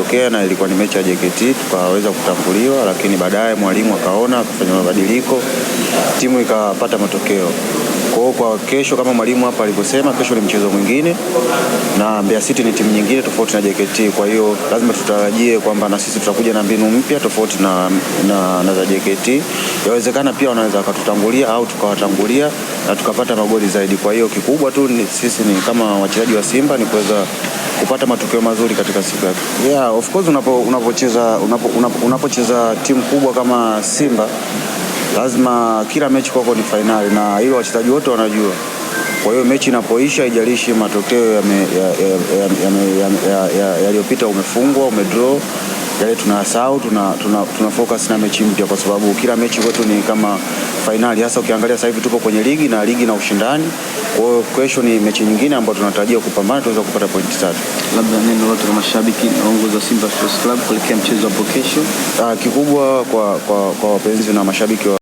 ilitokea na ilikuwa ni mechi ya JKT tukaweza kutambuliwa, lakini baadaye mwalimu akaona akafanya mabadiliko, timu ikapata matokeo. Kwa hiyo kwa kesho, kama mwalimu hapa alivyosema, kesho ni mchezo mwingine na Mbeya City ni timu nyingine tofauti na JKT. Kwa hiyo lazima tutarajie kwamba na sisi tutakuja na mbinu mpya tofauti na, na, na za JKT. Yawezekana pia wanaweza wakatutangulia au tukawatangulia na tukapata magoli zaidi. Kwa hiyo kikubwa tu ni, sisi ni kama wachezaji wa Simba ni kuweza kupata matokeo mazuri katika siku yake. Yeah, of course unapo unapocheza unapo, unapo timu kubwa kama Simba lazima kila mechi kwako ni fainali, na hilo wachezaji wote wanajua. Kwa hiyo mechi inapoisha, haijalishi matokeo yaliyopita, umefungwa umedraw yale eh, tunasahau tuna, tuna, tuna focus na mechi mpya, kwa sababu kila mechi kwetu ni kama fainali, hasa ukiangalia sasa hivi tuko kwenye ligi na ligi na ushindani. Kwa hiyo kesho ni mechi nyingine ambayo tunatarajia kupambana, tunaweza kupata pointi tatu. Labda neno lote kwa mashabiki na uongozi wa Simba Sports Club kuelekea mchezo hapo kesho? Ah, kikubwa kwa, kwa, kwa wapenzi na mashabiki wa